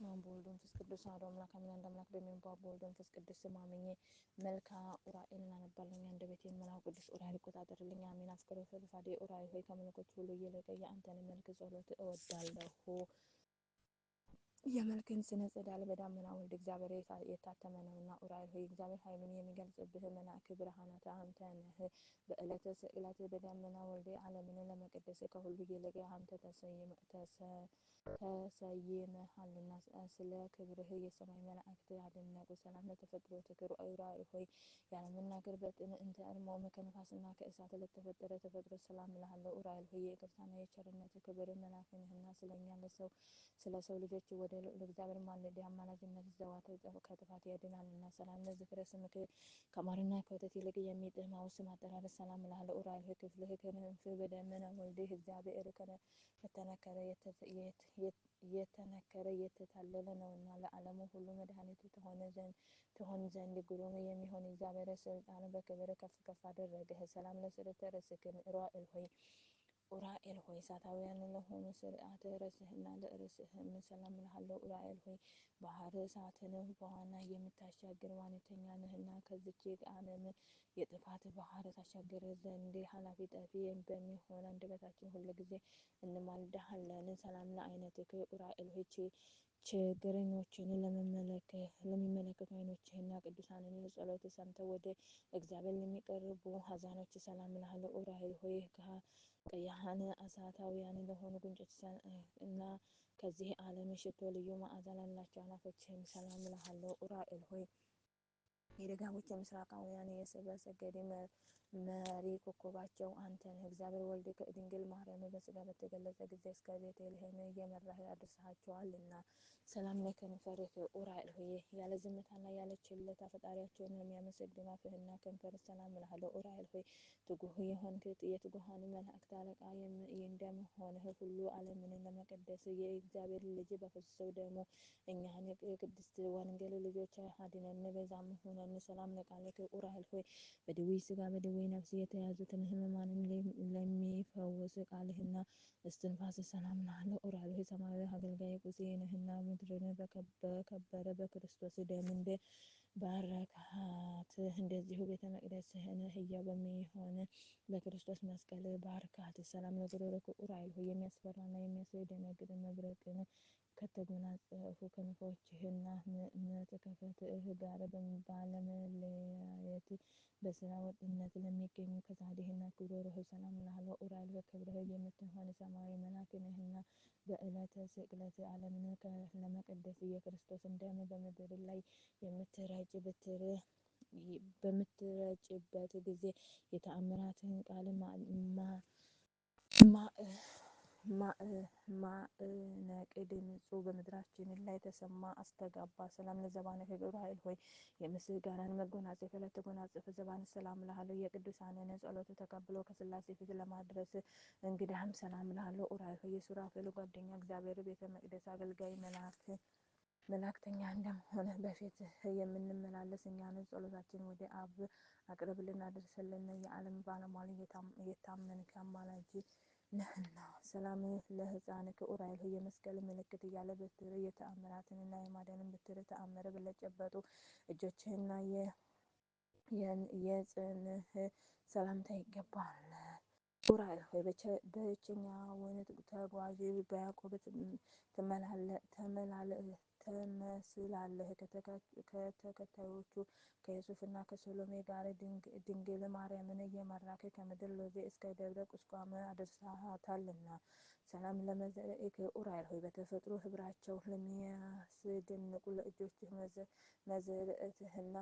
በስመ አብ ወወልድ ወመንፈስ ቅዱስ አሐዱ አምላክ አሜን። አንድ አምላክ በሚሆን በአብ ወልድ ቅዱስ ስም አምኜ መልክዐ ዑራኤል እናነባለን። አንደበቴን መልአኩ ቅዱስ ዑራኤል ይቆጣጠርልኝ። አሜን። አፍቅሬ ፈሪፋዴ ዑራኤል ሆይ ከመለኮት ሁሉ የላቀ የአንተን መልክ ጸሎት እወዳለሁ። የመልክን ስነ ጽዳል በዳመና ወልድ እግዚአብሔር የታተመ ነውና ኡራኤል ሆይ እግዚአብሔር ኃይልን የሚገልጽብህ መልአክ ብርሃናት አንተ ነህ። በዕለተ ስቅለት በዳመና ወልድ ዓለምን ለመቀደስ ከሁሉ ይልቅ አንተ ተሰይመሃልና ስለ ክብርህ የሰማይ መላእክት አደነቁ። ሰላም ለተፈጥሮ ትክር ኡራኤል ሆይ የዓለምን ነገር በጥምዕተ እርሞም ከነፋስና ከእሳት ለተፈጠረ ተፈጥሮ ሰላም እልሃለሁ። ኡራኤል ሆይ የይቅርታና የቸርነት ክብር መልአክ ነህና ስለኛ ለሰው ስለ ሰው ልጆች ወደ ልዑል እግዚአብሔር ማለድ አማላጅነት ዘዋትር ጸሎት ከጥፋት ያድናልና። ሰላም ለዝ ፍረ ስምክ ከማርና ከወተት ይልቅ የሚጥም አውስም አጠራረስ ሰላም ላለ ኡራኤል ህክፍ ልህክንፍ በደምነ ወልድህ እግዚአብሔር የተነከረ የተነከረ የተታለለ ነውና ለዓለሙ ሁሉ መድኃኒቱ ትሆን ዘንድ ግሩም የሚሆን እግዚአብሔር ስልጣን በክብር ከፍ ከፍ አደረገህ። ሰላም ለስርተ ርእስክን ራኤል ሆይ ኡራኤል ሆይ እሳታውያን ለሆኑ ስርዓተ ርዕስህና ለርዕስህም ሰላም እልሃለሁ። ኡራኤል ሆይ ባህር እሳትን በዋና የምታሻግር ዋነተኛ ነህና ከዚች ዓለም የጥፋት ባህር ታሻገር ዘንድ ኃላፊ ጠፊ በሚሆን አንደበታችን ሁልጊዜ እንማልድሃለን። ሰላም ለዓይነትክ ኡራኤል ሆይ ችግረኞችን ለሚመለከቱ አይኖችህና ቅዱሳንን ጸሎት ሰምተው ወደ እግዚአብሔር ለሚቀርቡ ሀዛኖች ሰላም እልሃለሁ። ኡራኤል ሆይ ቀያሃን አሳታውያን ለሆኑ ጉንጮች እና ከዚህ ዓለም ሽቶ ልዩ መዓዛ ላላቸው አናቶችህም ሰላም እልሃለሁ። ዑራኤል ሆይ የደጋጎች የምስራቃውያን የስጋ ሰገድ መሪ ኮከባቸው አንተ ነህ። እግዚአብሔር ወልድ ከድንግል ማርያም በሥጋ በተገለጸ ጊዜ እስከ ቤተልሔም እየመራህ አድርሰሃቸዋልና ሰላም ለከንፈርህ ዑራኤል ሆይ ያለ ዝምታና ያለ ችሎታ ፈጣሪያቸውን የሚያመሰግን አፍህና ከንፈር ሰላም እልሃለሁ። ዑራኤል ሆይ ትጉህ የሆንክ የትጉሃን መላእክት አለቃ እንደመሆንህ ሁሉ ዓለምን ለመቀደስ የእግዚአብሔር ልጅ በፈሰሰው ደግሞ እኛን የቅድስት ወንጌል ልጆች አድነን። በዛም ሆነን ሰላም ለቃልህ ዑራኤል ሆይ በድዊ ስጋ በድዊ ነፍስ የተያዙትን ህመማንን ለሚፈውስ ቃልህና እስትንፋስ ሰላም ናለው። ዑራኤል ሰማያዊ አገልጋይ ቁሴ ነህና ምድርን በከበረ በክርስቶስ ደም እንደ ባረካት እንደዚሁ ቤተ መቅደስህን ህያው በሚሆን በክርስቶስ መስቀል ባርካት። ሰላም ለጉሮሮክ ዑራኤል ሆይ የሚያስፈራና የሚያስደነግጥን መብረቅን ከተጎናጸፉ ክንፎችህና ምትከፈትህ ጋር ባለመለያየት በስራ ወጥነት ለሚገኙ ከሳዲህና ክቡር ሆይ ሰላምና ሀሎ ኡራኤል በክብርህ የምትሆን ሰማያዊ መልአክ ነህና በዕለተ ስቅለት ዓለምን ለመቀደስ የክርስቶስን ደም በምድር ላይ የምትረጭ ብትር በምትረጭበት ጊዜ የተአምራትን ቃል ማ ማእነቅድ ንጹህ በምድራችን ላይ ተሰማ አስተጋባ ሰላም ለዘባነ ክብር ኃይል ሆይ የምስጋናን መጎናጸፊያ ለተጎናጸፈ ዘባን ሰላም ላሃለሁ። የቅዱሳንን ጸሎቱ ተቀብሎ ከስላሴ ፊት ለማድረስ እንግዳህም ሰላም ላሃለሁ። ኡራኤል ሆይ የሱራፌል ጓደኛ እግዚአብሔር ቤተ መቅደስ አገልጋይ መልአክ መላእክተኛ እንደሆነ በፊት የምንመላለስ እኛን ጸሎታችን ወደ አብ አቅርብ ልናደርስልን የዓለም ባለሟል የታመንክ አማላጅ ነህና ሰላም ለህፃን ኡራኤል ሆይ የመስቀል ምልክት እያለ ብትር የተአምራትንና የማዳንን ብትር ተአምር ብለህ ጨበጡ እጆችህና የጽንህ ሰላምታ ይገባል። ኡራኤል ሆይ በብቸኛውን ተጓዥ በያዕቆብ ትመስላለህ። ከተከታዮቹ ከዮሴፍና ከሰሎሜ ጋር ድንግል ማርያምን እየመራክ ከምድር ሎሌ እስከ ደብረ ቁስቋም አድርሰሃታልና ሰላም ለመዘለኢከ ኡራኤል ሆይ በተፈጥሮ ህብራቸው ለሚያስደንቁ ለእጆችህ መዘርዕትህና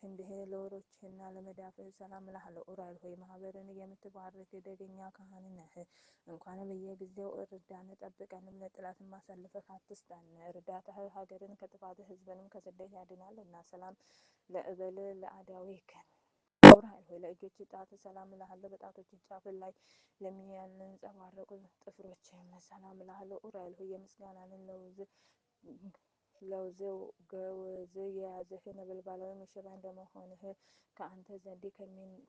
ክንድህ ለወሮችህና ለመዳፍህ ሰላም እልሃለሁ። ኡራኤል ሆይ ማህበርን የምትባርክ ደገኛ ካህን ነህ። እንኳን በየጊዜው እርዳን፣ ጠብቀንም፣ ለጠላት አሳልፈህ አትስጠን። እርዳታ ሀገርን ከጥፋት ህዝብንም ከስደት ያድናልና። ሰላም ለእበል ለአዳዌከ አብርሃም ሆይ ለእጆች ጣት ሰላም እልሃለሁ። በጣቶች ጫፍ ላይ ለሚያንጸባረቁ ጥፍሮች ሰላም እልሃለሁ። ዑራኤል ሆይ የምስጋናን ለውዝ ለውዘው ገወዝ የያዘህ ነበልባላዊ ሙሽራ እንደመሆንህ ከአንተ ዘንድ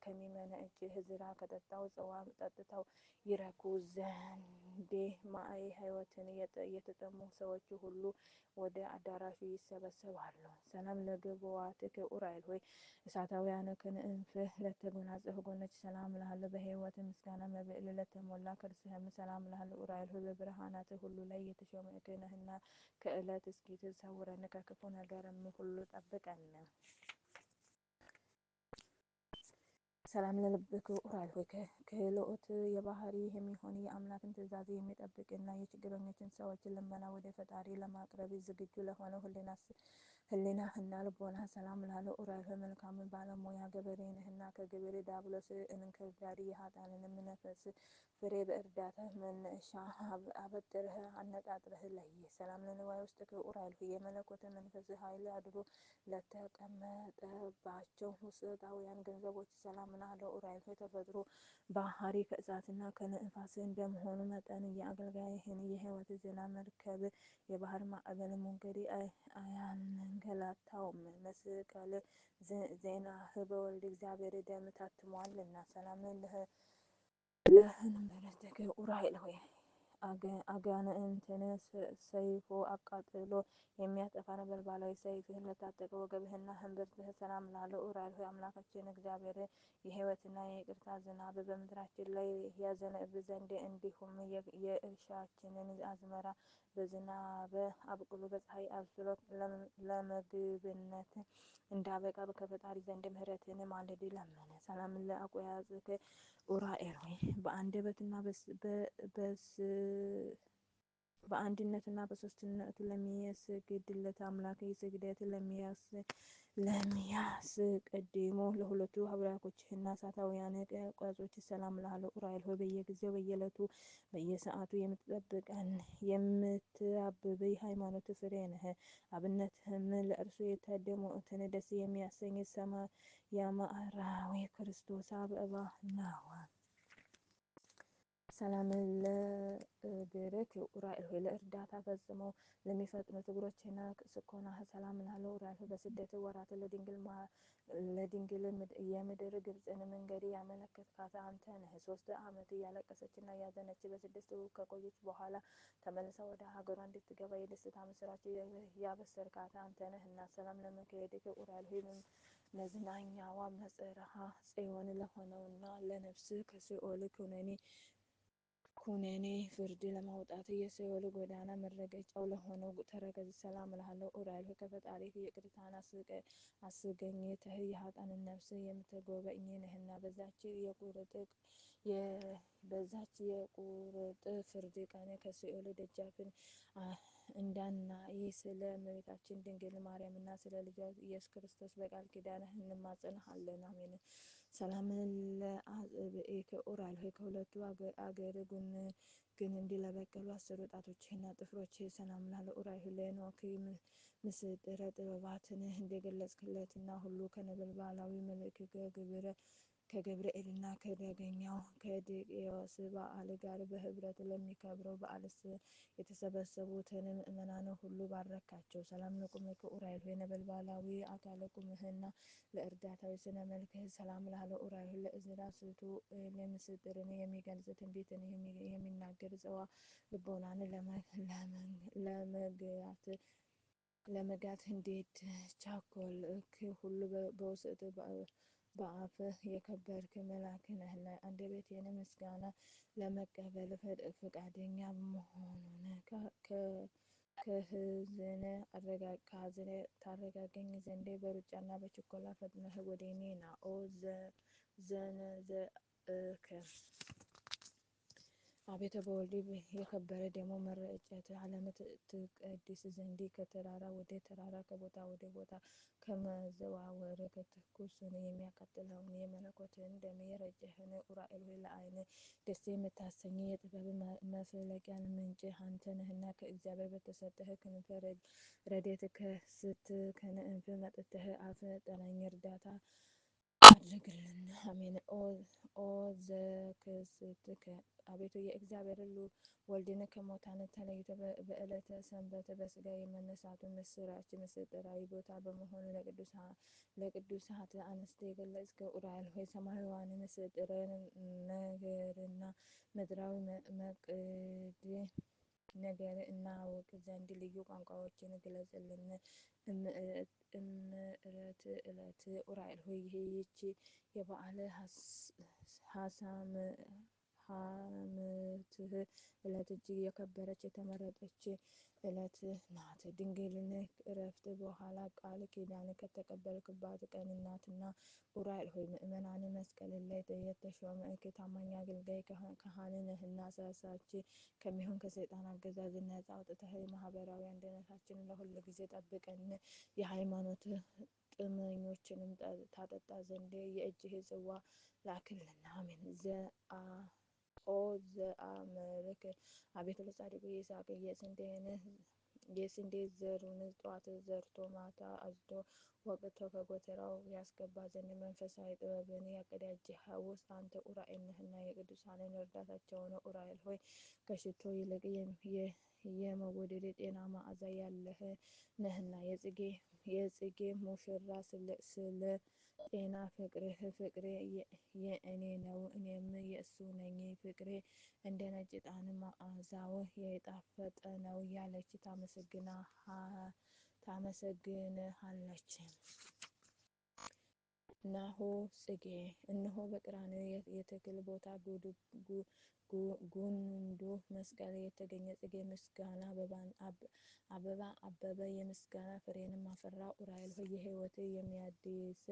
ከሚመነ እጅህ ዝራ ከጠጣው ጽዋ ጠጥተው ይረኩ ዘንድ በማየ ህይወትን የተጠሙ ሰዎች ሁሉ ወደ አዳራሹ ይሰበሰባሉ። ሰላም ለገብዋት ዑራኤል ሆይ እሳታውያንክን እንፍ ለተጎናጸፍክ ጎነች ሰላም ላለ በህይወት ምስጋና መብል ለተሞላ ከርስህም ሰላም ላለ ኡራኤል ሆይ በብርሃናት ሁሉ ላይ የተሾምክ ነህና ከእለት እስኪ ትሰውረን ከክፉ ነገርም ሁሉ ጠብቀን። ሰላም ለልብክ ቁራል ሆይ ክህልኦት የባህሪ የሚሆን የአምላክን ትእዛዝ የሚጠብቅና የችግረኞችን ሰዎችን ልመና ወደ ፈጣሪ ለማቅረብ ዝግጁ ለሆነ ሁሌን ህሊናህና ልቦና ሰላም ላለ ኡራኤል መልካም ባለሙያ ገበሬ ነህና ከገበሬ ዳብሎስ እንክርዳድ የኃጥአንንም ነፍስ ፍሬ በእርዳታ መነሻ አበጥረህ አነጣጥረህ ለየ። ሰላም ለንዋይ ውስጥ ከኡራኤል የመለኮት መንፈስ ኃይል አድሮ ለተቀመጠባቸው ውስጣውያን ገንዘቦች ሰላም ላለ ኡራኤል ተፈጥሮ ባህሪ ከእሳትና ከነፋስ እንደመሆኑ መጠን የአገልጋይህን የህይወት ዜና መርከብ የባህር ማዕበል ሞገድ አያንን አንገላታውም። መስቀል ዜናህ በወልድ እግዚአብሔር ደም ታትሟልና ሰላምን ለህንም በመዘገብ ዑራኤል ሆይ አጋንንትን ሰይፉ አቃጥሎ የሚያጠፋ ነበልባላዊ ሰይፍህን ለታጠቀ ወገብህና ህንብርትህ ሰላም ላለው ዑራኤል ሆይ አምላካችን እግዚአብሔር የሕይወትና የይቅርታ ዝናብ በምድራችን ላይ ያዘነብ ዘንድ እንዲሁም የእርሻችንን አዝመራ በዝናብ አብቅሎ በፀሐይ አብስሎ ለምግብነት እንዳበቃ ከፈጣሪ ዘንድ ምሕረትን ማልድ ለመነ። ሰላም ለአቆያጽክ ኡራኤል ሆይ በአንደበትና በአንድነትና በሶስትነቱ ለሚያስገድለት አምላክ ስግደት ለሚያስ ለሚያስ ቀድሞ ለሁለቱ አብራኮችና እሳታውያን ቀጾች ሰላም ላለው ዑራኤል ሆይ በየጊዜው በየዕለቱ በየሰዓቱ የምትጠብቀን የምትያብብ ሃይማኖት ፍሬ ነህ። አብነትህም ለእርሱ የተደሙትን ደስ የሚያሰኝ ሰማ የማዕራዊ ክርስቶስ አበባ ነው። ሰላምን ለብርክ ዑራኤል ሆይ ለእርዳታ ፈጽመው ለሚፈጥኑ እግሮችና ስኮና ሰላምን አለ ዑራኤል ሆይ በስደት ወራት ለድንግል የምድር ግብፅን መንገድ ያመለከትካት አንተ ነህ። ሶስት ዓመት እያለቀሰችና ያዘነች በስደት ከቆየች በኋላ ተመልሳ ወደ ሀገሯ እንድትገባ የደስታ ምስራች ያበሰርካት አንተ ነህ እና ሰላም ለመካሄድክ ዑራኤል ሆይ መዝናኛዋ መጽረሃ ጽዮን ለሆነውና ለነፍስ ከሲኦል ኩነኔ ኩነኔ ፍርድ ለማውጣት የሲኦል ጎዳና መረገጫው ለሆነው ተረከዝ ሰላም እልሃለሁ። ዑራኤል ሆይ ከፈጣሪህ ይቅርታን አስገኝተህ የኃጥአንን ነፍስ የምትጎበኝ ነህና በዛች የቁርጥ ፍርድ ቀን ከሲኦል ደጃፍን እንዳናይ ስለ እመቤታችን ድንግል ማርያምና ስለ ልጇ ኢየሱስ ክርስቶስ በቃል ኪዳንህ እንማጸንሃለን። አሜን። ሰላምን ከኡራል ከሁለቱ አገር ጉን ግን እንዲለበቀሉ አስር ወጣቶችህና ጥፍሮች ሰላም ላለ ኡራይ ለኖክ ምስጥረ ጥበባትን እንደገለጽክለትና ሁሉ ከነበልባላዊ መልእክ ግብረ ከገብርኤልና ከዳገኛው ከዲዮስ በዓል ጋር በህብረት ለሚከብረው በዓል የተሰበሰቡትን ምእመናን ሁሉ ባረካቸው። ሰላም ለቁምክ ኡራኤል ነበልባላዊ አካለ ቁምህና ለእርዳታዊ ስነ መልክህ ሰላም ላለ ኡራኤል ለእዝራ ስቱ ምስጢርን የሚገልጽ ትንቢትን የሚናገር ጽዋ ልቦናን ለመግያት ለመጋት እንዴት ቻኮል ሁሉ በውስጥ በአፍህ የከበርክ መልአክ ነህና አንደበቴን ምስጋና ለመቀበል ፈቃደኛ መሆኑን ከህዝን ታረጋገኝ ዘንዴ በሩጫና በችኮላ ፈጥነህ ወደ እኔ ና ኦ ዘንዘእከ አቤተ በወልድ የከበረ ደግሞ መረጨት ዓለም ትቀድስ ዘንድ ከተራራ ወደ ተራራ ከቦታ ወደ ቦታ ከመዘዋወር ከትኩሱን የሚያቃጥለውን የመለኮትን ደም የረጨህን ዑራኤል ሆይ ለዓይን ደስ የምታሰኝ የጥበብ መፍለቂያ ምንጭ አንተ ነህና ከእግዚአብሔር በተሰጠህ ክንፈ ረዴት ከስት ከንእንፍ መጥተህ አፍ ጠናኝ እርዳታ አድርግልን። አሜን። ኦ ዘክስትከ አቤቱ የእግዚአብሔርን ወልድን ከሙታን ተለይቶ በእለተ ሰንበት በስጋ የመነሳቱ ምስራች ምስጢራዊ ቦታ በመሆኑ ለቅዱሳት አንስት የገለጽከው ዑራኤል ሆይ ሰማያዊውን ምስጢር ነገርና ምድራዊ መቅድ ነገር እናወቅ ዘንድ ልዩ ቋንቋዎችን ግለጽልን። እምዕረት እለት ዑራኤል ሆይ ይህች የበዓለ ሀሳም ዓመትህ እለት እጅግ የከበረች የተመረጠች እለት ናት። ድንግልን እረፍት በኋላ ቃል ኪዳን ከተቀበልክባት ቀን ናትና። ዑራኤል ሆይ ምእመናን መስቀል ላይ የተሾምክ ታማኝ አገልጋይ ካህን ነህና አሳሳች ከሚሆን ከሰይጣን አገዛዝ ነጻ አውጥተህ ማህበራዊ አንድነታችንን ለሁል ጊዜ ጠብቀን የሃይማኖት ጥመኞችንም ታጠጣ ዘንድ የእጅህ ጽዋ ላክልና አሜን። ኦ ዘአመልክት አቤቱ ለጻድቁ ይስሐቅ የስንዴን የስንዴ ዘሩን ጠዋት ዘርቶ ማታ አዝዶ ወቅቶ ከጎተራው ያስገባ ዘንድ መንፈሳዊ ጥበብን ያቀዳጀኸው ውስጥ አንተ ዑራኤል ነህና የቅዱሳንን እርዳታቸው ነው። ዑራኤል ሆይ ከሽቶ ይልቅ የመወደድ የጤና መዓዛ ያለህ ነህና የጽጌ የጽጌ ሙሽራ ስለ ጤና ፍቅርህ ፍቅሬ የእኔ ነው እኔም የእሱ ነኝ ፍቅሬ እንደ ነጭ ዕጣን መዓዛው የጣፈጠ ነው ያለች ታመሰግና ታመሰግንሃለች። ናሆ ጽጌ እነሆ በቅራኔ የተክል ቦታ ጉንዱ መስቀል የተገኘ ጽጌ ምስጋና አበባ አበበ የምስጋና ፍሬንም አፈራ። ዑራኤል ሆይ የሕይወት የሚያድስ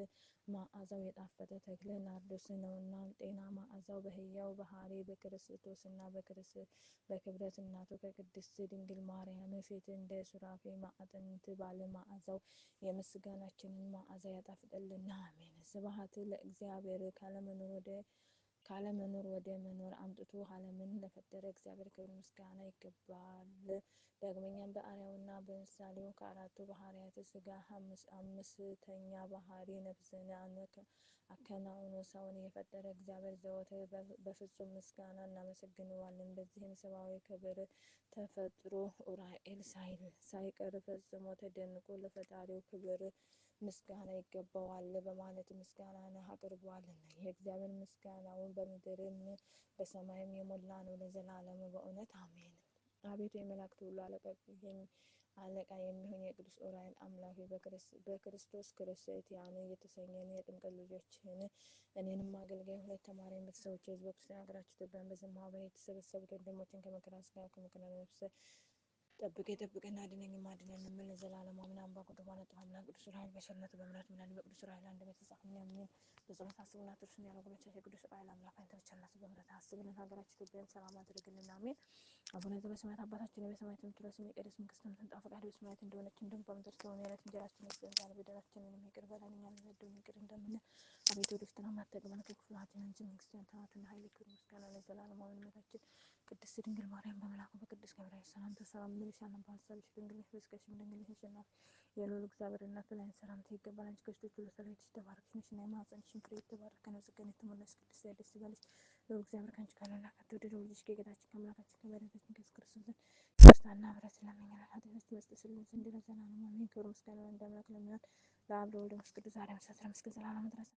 ማዕዛው የጣፈጠ ተክለ ናርዶስ ነውና ጤና ማዕዛው በህያው ባህሪ በክርስቶስ እና በክብረት እናቱ ከቅድስት ድንግል ማርያም ፊት እንደ ሱራፌ ማዕጠንት ባለ ማዕዛው የምስጋናችንን ማዕዛ ያጣፍጠልና። አሜን። ስብሐት ለእግዚአብሔር ካለመኖር ወደ ካለመኖር ወደ መኖር አምጥቶ ዓለምን ለፈጠረ እግዚአብሔር ክብር ምስጋና ይገባል። ዳግመኛም በአርአያውና በምሳሌው ከአራቱ ባህርያት ስጋ አምስተኛ ባህሪ ነፍስን አከናውኖ ሰውን የፈጠረ እግዚአብሔር ዘወትር በፍጹም ምስጋና እናመሰግነዋለን። በዚህም ሰብአዊ ክብር ተፈጥሮ ዑራኤል ሳይቀር ፈጽሞ ተደንቆ ለፈጣሪው ክብር ምስጋና ይገባዋል በማለት ምስጋናን አቅርቧልና የእግዚአብሔር ምስጋናውን በምድርም በሰማይም የሞላ ነው ለዘላለሙ በእውነት አሜን። አቤቱ የመላእክት ሁሉ አለቃ የሚሆን የቅዱስ ዑራኤል አምላኪ በክርስቶስ ክርስቲያን የተሰኘን የጥምቀት ልጆችን እኔንም አገልጋይ ሁለት ተማሪን ቤተሰቦች ህዝበ ክርስቲያን ሀገራቸው ኢትዮጵያን በዝማባ የተሰበሰቡት ወንድሞችን ከመከራ ስጋ ከመከራ ነፍስ ጠብቀ የጠብቀና አድነኝ ማድነን የምል ዘላለማ ምን አምባ ቅዱስ ማለት አምላክ ቅዱስ ራይል በቸርነቱ በምረት ምናን በቅዱስ ራይል አንድ ቤት ጻፍ ምን ያምን አስቡና ትርሱን ያለጉሎቻ የቅዱስ ራይል አምላክ አንተ በቸርነቱ በምረት አስብልን ሀገራችን ኢትዮጵያን ሰላም አድርግልን። አሜን። አቡነ ዘበሰማያት አባታችን በሰማያት የምትውለው ስምህ ይቀደስ፣ ትምጣ፣ ፈቃድህ በሰማያት እንደሆነች እንዲሁም በምድር ስለሆነ የዕለት እንጀራችንን ስጠን ዛሬ፣ በደላችንን ይቅር በለን እኛም የምንበድል ይቅር እንደምንል፣ አቤቱ ወደ ፈተና አታግባን፣ ከክፉ አድነን እንጂ መንግስትህ ያንተ ናትና ኃይል፣ ክብር፣ ምስጋና ለዘላለም አሜን። እመቤታችን ቅድስት ድንግል ማርያም በመልአኩ በቅዱስ ገብርኤል ሰላምታ ሰላም ልልሽ አነባሳልሽ ድንግል ነሽ፣ በስጋሽ ድንግል ነሽ እና የልዑል እግዚአብሔር እናት ብለን ሰላምታ ይገባል። አንቺ ከሴቶች ሁሉ ተለይተሽ የተባረክሽ ነሽ እና የማኅፀንሽ ፍሬ የተባረከ ነው። ጸጋን የተሞላሽ ቅድስት ሆይ ደስ ይበልሽ፣ ልዑል እግዚአብሔር ከአንቺ ጋር ነውና ከተወደደው ልጅሽ ከጌታችን ከአምላካችን ከመድኃኒታችን ከኢየሱስ ክርስቶስ ዘንድ ይቅርታና ምሕረት ስለምኝና ኃጢአታችንን የሚያስተሰርይልን ዘንድ ይርዳን። አሜን። ክብር ምስጋና ለአብ ለወልድ ለመንፈስ ቅዱስ ዛሬም እስከ ዘላለም ድረስ